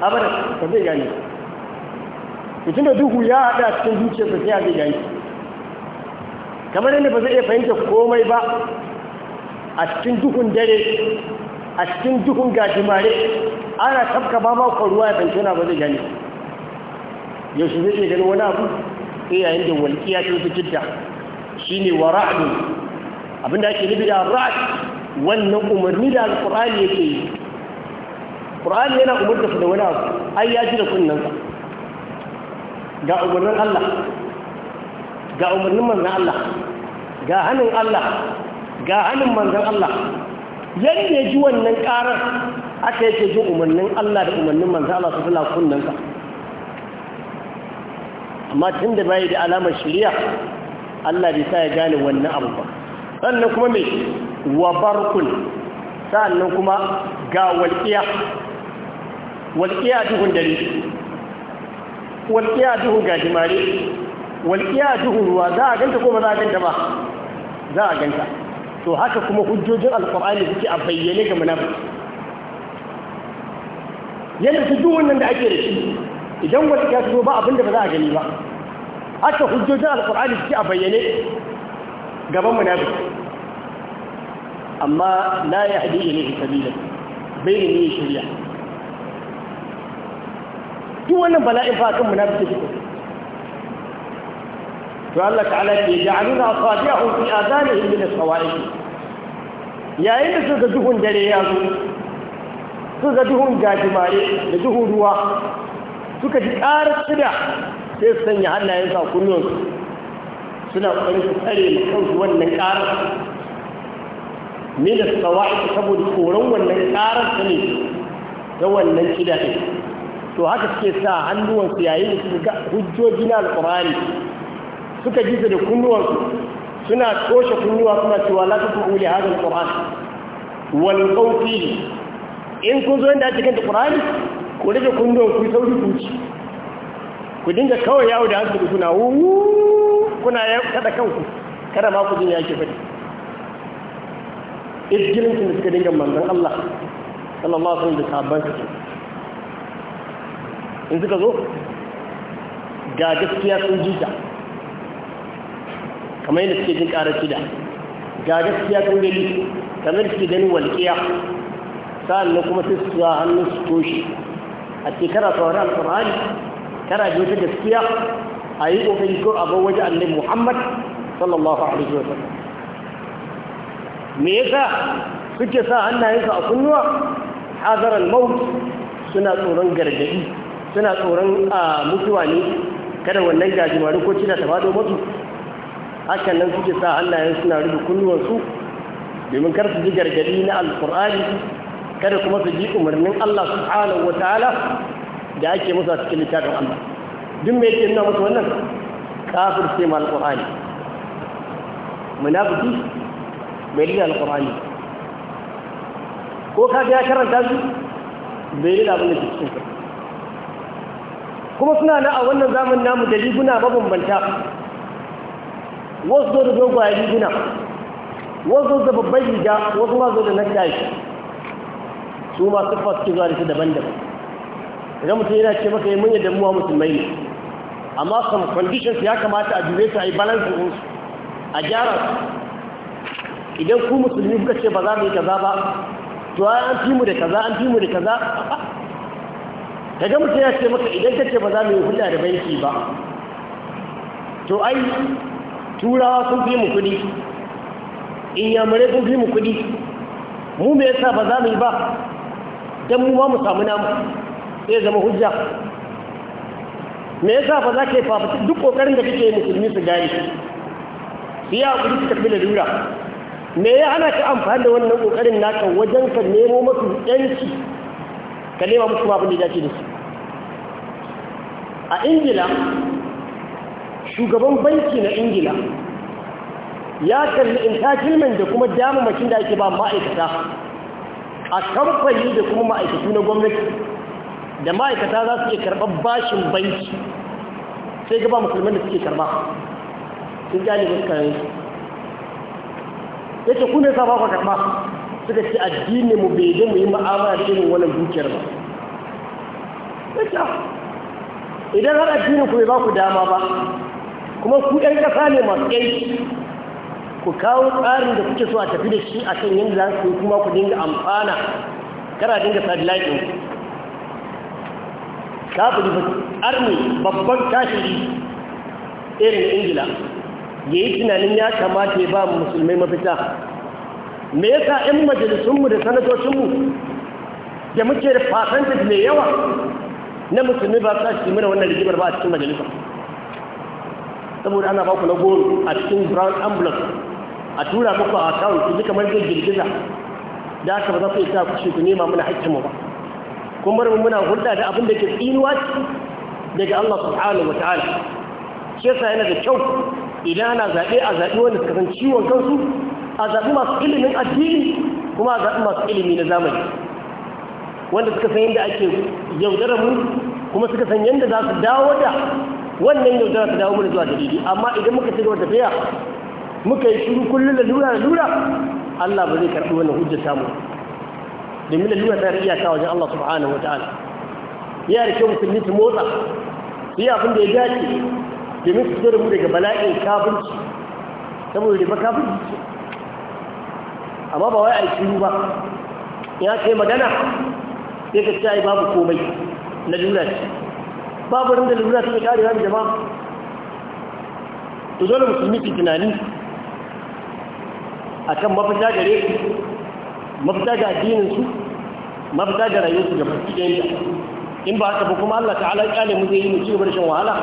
abada ba zai gane mutum da duhu ya haɗa cikin zuciyar sa sai zai gane kamar yadda ba zai iya fahimta komai ba a cikin duhun dare a cikin duhun gajimare ana tafka ba ma ruwa ya fahimta na ba zai gane yaushe zai iya gani wani abu ko yayin da walƙiya ta fitar da shi ne wa ra'adun abinda ake nufi da ra'd wannan umarni da ya yake yi ƙur'ani yana umarta su da wani abu ai ya ji da sunan ka ga umarnin Allah ga umarnin manzon Allah ga hannun Allah ga hannun manzon Allah yadda ya ji wannan ƙarar aka yake ji umarnin Allah da umarnin manzon Allah su fila sunan ka. amma tun da bai da alamar shari'a Allah bai sa ya gane wannan abu ba sannan kuma me wa barkun sannan kuma ga walƙiya walqiya duhun dare walqiya duhun gajimare walƙiya duhun ruwa za a ganta ko ba za a ganta ba za a ganta to haka kuma hujjojin alqur'ani suke a bayyane ga munafiki yadda su duhun nan da ake da shi idan wata ta zo ba abinda ba za a gani ba haka hujjojin alkur'ani suke a bayyane gaban munafiki amma na yi ya hadi ilayhi sabila bai ne ne shirya. duk wannan bala'in fa kan munafiki take to Allah ta'ala ke ja'aluna asabi'ahum fi adanihim min as-sawa'iq yayin da suka duhun dare ya zo suka duhun gajimare da duhun ruwa suka ji ƙarar tsida sai su sanya hannayensu a kunnuwansu suna ƙoƙarin su tsare ma kansu wannan ƙarar min as-sawa'iq saboda tsoron wannan ƙarar ta ne ta wannan kida ɗin to haka suke sa hannuwansu yayin da suka hujjoji na alƙur'ani suka ji da kunnuwansu suna toshe kunnuwa suna cewa la ta li hadha al-qur'an wal qawfi in kun zo inda ake kanta qur'ani ko rage kunnuwan ku sauri ku ci ku dinga kawai yawo da hankali kuna wuuu kuna ya kada kanku kada ma ku jin ya ke faɗi irgirin da suka dinga manzan Allah sallallahu alaihi wasallam da sahabban su in suka zo ga gaskiya sun ji ta kamar yadda suke jin karar shida ga gaskiya sun gani kamar suke ganin walƙiya sa'an kuma sai su zuwa hannun su toshe a shekara sauran alƙur'ani kana biyo ta gaskiya a yi ƙoƙari ko a bar waje annabi Muhammad sallallahu alaihi wa sallam me yasa suke sa hannayensu a kunnuwa hazar al-maut suna tsoron gargadi suna tsoron mutuwa ne kada wannan gajimari ko cina ta fado mutu hakan nan suke sa hannayen suna rufe kunnuwansu domin kar su ji gargadi na alkur'ani kada kuma su ji umarnin Allah subhanahu Ta'ala. da ake musu a cikin littafin Allah duk mai yake nuna musu wannan kafir sai ma alqur'ani munafiki mai rida alqur'ani ko kaga ya karanta su bai rida abin da ke cikin kuma suna na a wannan zamanin namu da riguna mabambanta wasu zo da dogaye riguna wasu zo da babban riga wasu ma zo da nan shi su ma siffa suke zuwa da su daban-daban idan mutum yana ce maka mun da muwa musulmai ne amma some conditions ya kamata a jure su a yi balance su a gyara su idan ku musulmi kuka ce ba za mu yi kaza ba to ai an fi mu da kaza an fi mu da kaza ga mutum ya ce maka idan ka ce ba za mu yi hulɗa da banki ba to ai turawa sun fi mu kuɗi inyamurai sun fi mu kuɗi mu me yasa ba za mu yi ba don mu ma mu samu namu sai zama hujja me yasa ba za ka yi fafata duk kokarin da kake musulmi su gane su yi hakuri su tafi lalura me ya hana ka amfani da wannan kokarin naka wajen ka nemo masu yanci ka nema musu ma da dace da su a ingila shugaban banki na ingila ya kalli intakimen da kuma damamakin da ake ba ma'aikata a kamfani da kuma ma'aikatu na gwamnati da ma'aikata za su iya karɓar bashin banki sai gaba musulman da suke karɓa sun gane da suka su ya ce kuna sa ba ku karɓa suka ce addini mu bai je mu yi ma'amala da irin wannan dukiyar ba ya ce ah, idan har addinin ku bai ba ku dama ba kuma ku ɗan ƙasa ne masu ƙai ku kawo tsarin da kuke so a tafi da shi a kan yadda za su kuma ku dinga amfana kara dinga sadi laifin. kafin arni babban kashiri irin ingila ya yi tunanin ya kamata ya ba musulmai mafita me yasa 'yan majalisunmu da sanatocinmu da muke da fasanta mai yawa na musulmi ba sa shi mana wannan rigimar ba a cikin majalisa saboda ana ba ku na goro a cikin brown ambulance a tura muku a account su ji kamar zai girgiza da aka ba za ku isa ku shi ku nema mana mu ba kun bar muna hulɗa da abin da ke tsinuwa daga Allah subhanahu wa ta'ala shi yasa yana da kyau idan ana zaɓe a zaɓi wanda suka san ciwon kansu a zaɓi masu ilimin addini kuma a zaɓi masu ilimi na zamani wanda suka san yadda ake yaudarar mu kuma suka san yadda za su dawo da wannan yaudara su dawo mana zuwa da daidai amma idan muka ci gaba tafiya muka yi shiru kullum da lura da lura Allah ba zai karɓi wannan hujjar samu domin lalura ta iyaka wajen Allah subhanahu wa wataala ya rike musulmi su motsa su yi abin da ya dace domin su tsere mu daga bala'in kafirci saboda riba kafirci ce amma ba wai a yi shiru ba ya kai magana sai ka ce babu komai na lura ce babu rinda lalura ta kare rami jama'a to dole musulmi su tunani akan mafita gare su mafita ga addininsu mafita da rayuwarsu ga baki ɗaya in ba haka ba kuma Allah ta'ala kyale mu zai yi mu ci gaba da shan wahala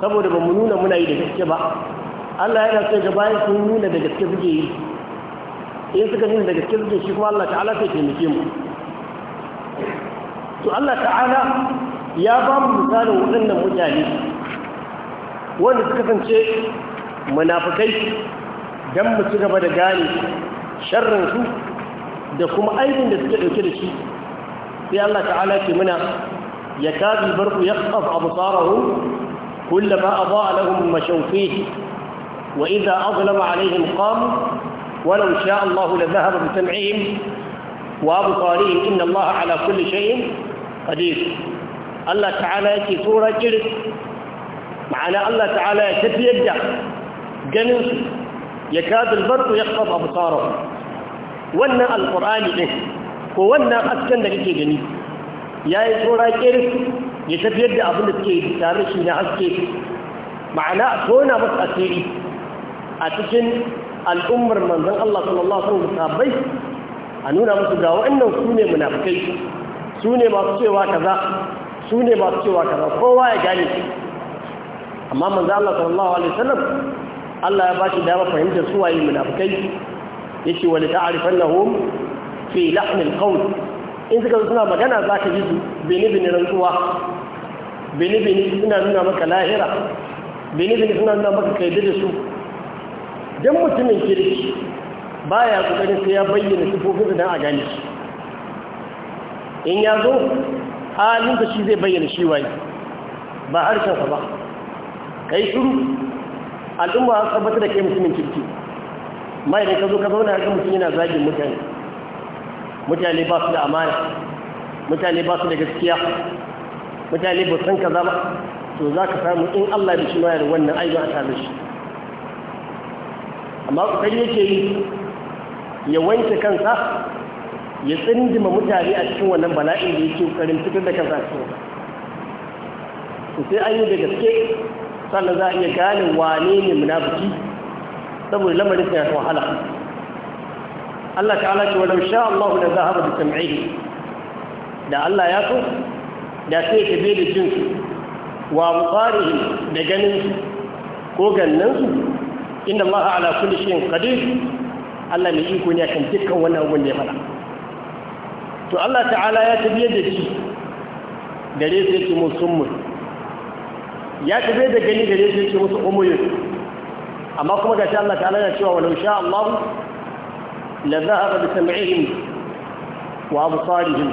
saboda ba mu nuna muna yi da gaske ba Allah yana so ga bayan sun nuna da gaske suke yi in suka nuna da gaske suke shi kuma Allah ta'ala sai taimake mu to Allah ta'ala ya ba mu misalin waɗannan mutane wanda suka kasance munafukai don mu ci gaba da gane sharrin su da kuma aibin da suke ɗauke da shi sai Allah ta'ala ke muna ya kazi barku ya ƙaf abu tsarahu kulla ba a ba'a lahun mashaufi wa iza azlama alaihim qam walau sha Allah la zahaba bi sam'ihim wa abu tsarihim inna Allah ala kulli shay'in qadir Allah ta'ala yake tsora kiris ma'ana Allah ta'ala ya tafiyar da ganin ya kazi barku ya ƙaf abu tsarahu wannan alƙur'ani ɗin ko wannan asken da kake gani ya yi tsora ƙiris ya tafi yadda abin da suke tare shi na haske ma'ana tona masu asiri a cikin al'ummar manzan Allah sallallahu Alaihi wasallam a nuna musu ga wa'annan su ne munafukai su ne masu cewa kaza su ne masu cewa kaza kowa ya gane amma manzan Allah sallallahu Alaihi wasallam Allah ya ba shi dama fahimtar su waye munafukai yace wal ta'rifannahum fi lahm alqawl in suka suna magana za ka ji bini bini rantsuwa bini bini suna nuna maka lahira bini bini suna nuna maka kaidar da su dan mutumin kirki baya kokarin sai ya bayyana sifofin da a gane in ya zo halin da shi zai bayyana shi waye ba harshen sa ba kai shiru al'umma sabata da kai mutumin kirki mai da ka zo ka zauna ga mutum yana zagin mutane mutane ba su da amana mutane ba su da gaskiya mutane ba san kaza ba to za ka samu in Allah da shi ma da wannan ayyu a tare shi amma kokari yake yi ya wanke kansa ya tsindima mutane a cikin wannan bala'in da yake kokarin fitar da kansa cikin sai an yi da gaske sannan za a iya gane wane ne munafiki saboda lamarin sa ya wahala Allah ta'ala ce wa law sha Allah la zahaba bi sam'ihi da Allah ya so da sai ya tabe da jinsu. su wa muqarihi da ganin ko gannan su inna Allah ala kulli shay'in qadir Allah mai iko ne kan dukkan wannan abun da ya faɗa to Allah ta'ala ya tabe da shi gare su yake musamman ya tabe da gani gare su yake musu umuyin amma kuma gashi Allah ta'ala yana cewa walau sha Allah la zahaba bi sam'ihim wa absarihim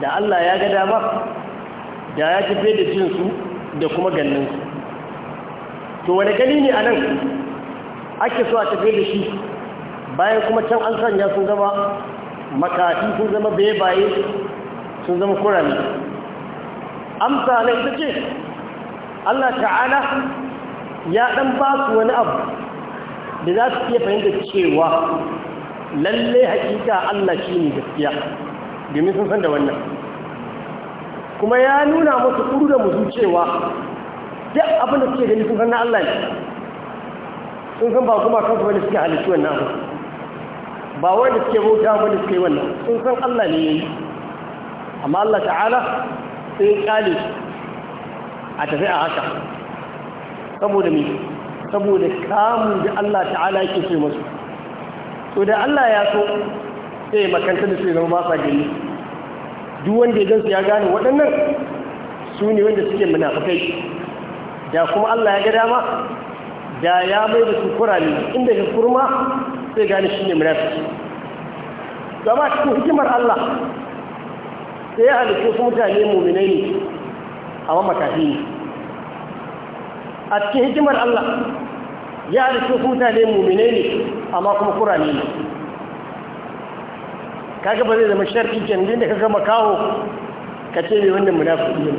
da Allah ya ga dama da ya tafi da jin da kuma gannin su to wani gani ne anan ake so a tafi da shi bayan kuma can an sanya sun zama makafi sun zama bebaye sun zama kurami amsa na ita ce Allah ta'ala ya ɗan ba su wani abu da za su iya fahimta cewa lalle haƙiƙa Allah shi ne gaskiya domin sun san da wannan kuma ya nuna musu kuru da musu cewa duk abin da suke gani sun san na Allah ne sun san ba kuma kansu wani suke halittu wannan abu ba wanda suke bauta wani suke wannan sun san Allah ne yayi amma Allah ta'ala sai ya kale a tafi a haka saboda me saboda kamun da Allah ta'ala yake so masu so da Allah ya so sai makanta da su zama ba sa gani duk wanda ya gansu ya gane waɗannan su ne wanda suke munafukai da kuma Allah ya ga dama da ya mai da su kurami inda ya kurma sai gane shi ne munafiki gama cikin hikimar Allah sai ya halittu su mutane muminai ne a makafi ne a cikin hikimar Allah ya halittu mutane mumine ne amma kuma kurani ne kaga ba zai zama sharfi kenan da kaga makaho ka ce mai wannan munafiki ne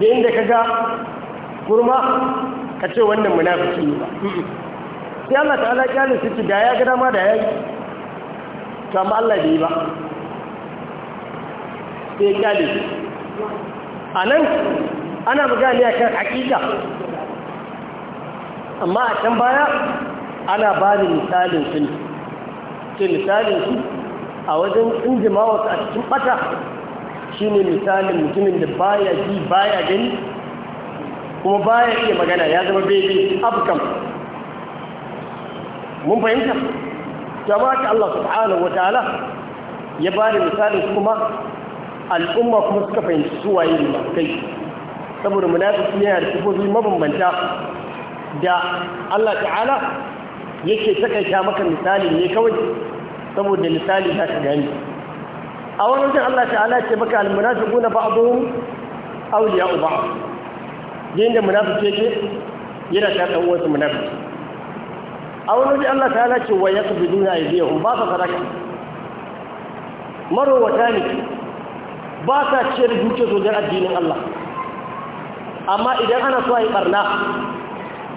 da inda kaga kurma ka ce wannan munafiki ne ba sai Allah ta'ala kyali su da ya gada ma da ya yi to amma Allah bai yi ba sai kyali a nan ana magana a kan hakika amma a can baya ana ba da misalin su ne ce misalin su a wajen injima wasu a cikin bata shi ne misalin mutumin da baya ji baya gani kuma baya iya magana ya zama bebe afkan mun fahimta jama'a Allah subhanahu wa ta'ala ya ba da misalin kuma al'umma kuma suka fahimci suwaye ne ba kai saboda munafiki yana da sifofi mabambanta da Allah ta'ala yake takaita maka misali ne kawai saboda misali za ka gani a wani wajen Allah ta'ala ce maka almunafiqun ba'dhum awliya'u ba'd yanda munafiki yake yana ta dan uwansa munafiki a wani wajen Allah ta'ala ce wa yaqbiduna aydiyahum ba sa sadaka wata ne ba sa ciyar dukiyar sojan addinin Allah amma idan ana so a yi barna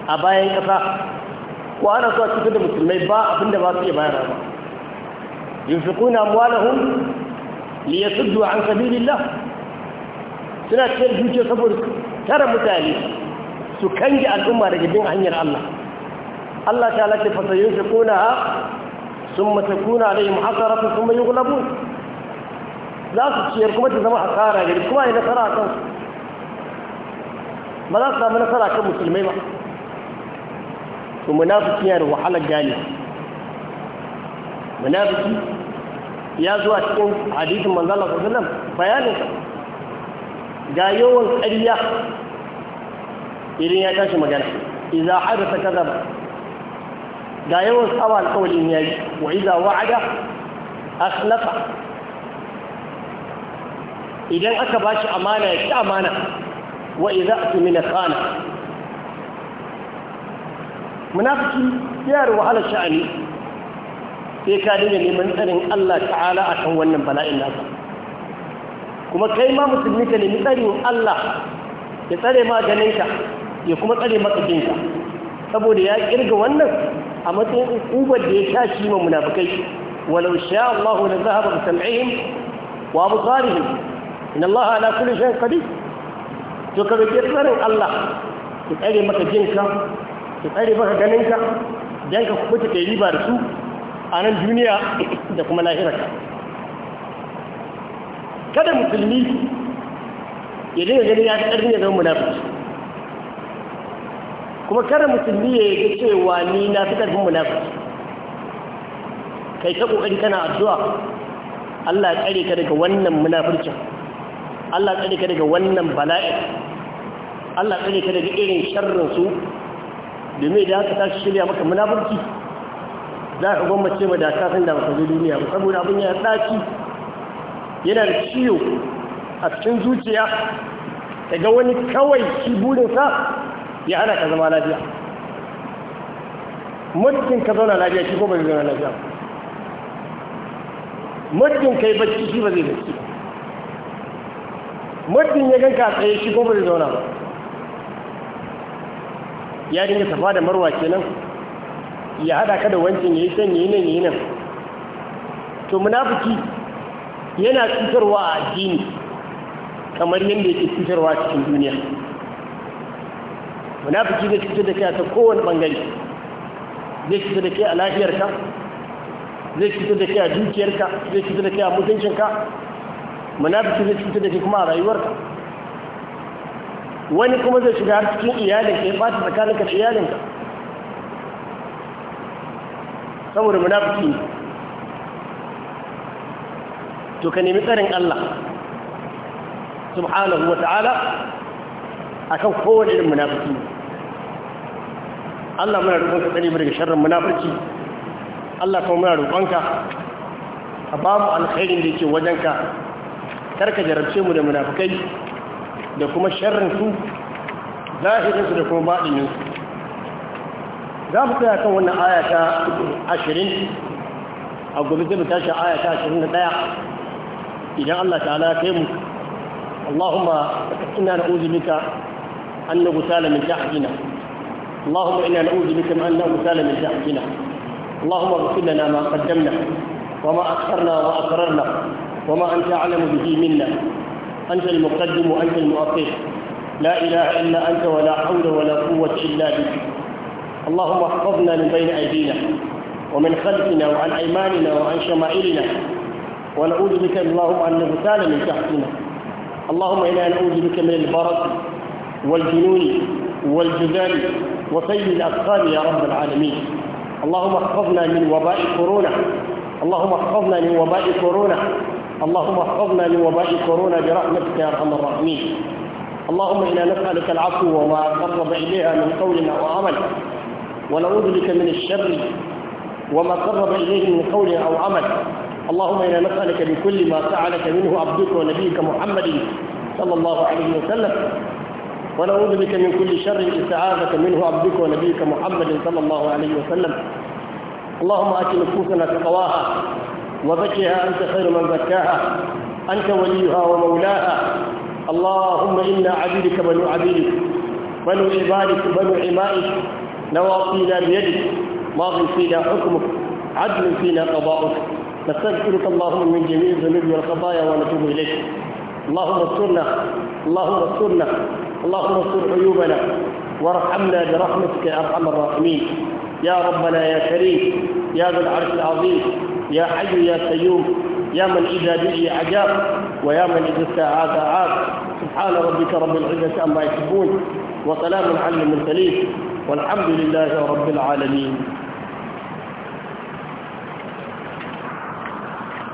a bayan ƙasa ko ana so a cutar da musulmai ba abinda ba su iya bayar ba yunfiquna ya liyasuddu an sabilillah suna ciyar zuciya saboda tara mutane su kange al'umma daga bin hanyar Allah Allah ta lati fasa yunfiquna mu takuna sun hasaratu yi yughlabun za su ciyar kuma ta zama hasara gari kuma ai nasara kansu ba za su sami nasara kan musulmai ba to munafiki yana da wahalar gane munafiki ya zuwa cikin hadisin manzala sallallahu bayanin sa ga yawan ƙarya irin ya tashi magana idza hadatha kadhaba ga yawan tsawa alƙawarin yayi wa idza wa'ada akhlafa idan aka ba shi amana ya ci amana وإذاءة من الخانة munafiki yana wahala sha'ani sai ka dinga neman tsarin Allah ta'ala a kan wannan bala'in nasa kuma kai ma musulmi ka nemi tsarin Allah ya tsare ma ganinka ya kuma tsare maka saboda ya kirga wannan a matsayin ukubar da ya tashi ma munafikai walau sha Allah la zahaba bi sam'ihim wa absarihim inna Allah ala kulli shay'in qadir to ka rike tsarin Allah ki tsare maka jinka ki tsare maka ganinka dan ka kuma take riba da su a nan duniya da kuma lahira kada musulmi ya dinga ganin ya tsare ne zama munafiki kuma kada musulmi ya yi cewa ni na fi ƙarfin munafiki kai ta ƙoƙari kana addu'a Allah ya tsare ka daga wannan munafircin Allah tsare ka daga wannan bala'in Allah tsare ka daga irin sharrin su domin da haka ta shirya maka munafurci za ka gwammace ma da san da ka zo duniya ba saboda abin ya tsaki yana da ciwo a cikin zuciya daga wani kawai shi burinsa ya hana ka zama lafiya mutum ka zauna lafiya shi ko ba zai zauna lafiya mutum kai bacci shi ba zai bacci muddin ya ganka tsaye shi ko bai zauna ya dinga tafa da marwa kenan ya hada ka da wancan yayi san yayi nan yayi nan to munafiki yana cutarwa a addini kamar yadda yake cutarwa a cikin duniya munafiki zai cutar da kai ta kowane bangare zai cutar da kai a lafiyarka zai cutar da kai a dukiyarka zai cutar da kai a mutuncinka munafiki zai cutar da ke kuma a rayuwarka wani kuma zai shiga har cikin iyalinka ya ɓata tsakaninka da iyalinka saboda munafiki to ka nemi tsarin Allah subhanahu wa ta'ala akan kowane irin munafiki Allah muna roƙonka tsare mu daga sharrin munafiki Allah kuma muna roƙonka ka ba mu alkhairin da yake wajenka karka jarabce mu da munafukai da kuma sharrinsu zahirinsu da kuma baɗininsu za mu tsaya kan wannan ayata ashirin a gobe zai mu tashi ayata ashirin ɗaya idan Allah ta'ala ya kai mu Allahumma ina na'udhu bika an nagutala min tahtina Allahumma ina na'udhu bika an nagutala min tahtina اللهم اغفر لنا ما قدمنا وما أكثرنا وأكررنا وما أنت أعلم به منا أنت المقدم وأنت المؤخر لا إله إلا أنت ولا حول ولا قوة إلا بك اللهم احفظنا من بين أيدينا ومن خلفنا وعن أيماننا وعن شمائلنا ونعوذ بك اللهم أن نغتال من تحتنا اللهم إنا نعوذ بك من البرد والجنون والجذام وسيل الأثقال يا رب العالمين اللهم احفظنا من وباء كورونا اللهم احفظنا من وباء كورونا اللهم احفظنا من وباء كورونا برحمتك يا ارحم الراحمين اللهم انا نسالك العفو وما قرب اليها من قول او عمل ونعوذ بك من الشر وما قرب اليه من قول او عمل اللهم انا نسالك بكل ما سالك منه عبدك ونبيك محمد صلى الله عليه وسلم ونعوذ بك من كل شر استعاذك منه عبدك ونبيك محمد صلى الله عليه وسلم اللهم ات نفوسنا تقواها وبكها أنت خير من بكاها أنت وليها ومولاها اللهم إنا عبيدك بنو عبيدك بنو عبادك بنو عمائك نواصينا بيدك ماض فينا حكمك عدل فينا قضاؤك نستغفرك اللهم من جميع الذنوب والخطايا ونتوب إليك اللهم استرنا اللهم استرنا اللهم استر عيوبنا وارحمنا برحمتك يا أرحم الراحمين يا ربنا يا كريم يا ذا العرش العظيم يا حي يا قيوم يا من إذا به عجاب ويا من إذا استعاذ عاد سبحان ربك رب العزة عما يحبون وسلام على المرسلين والحمد لله رب العالمين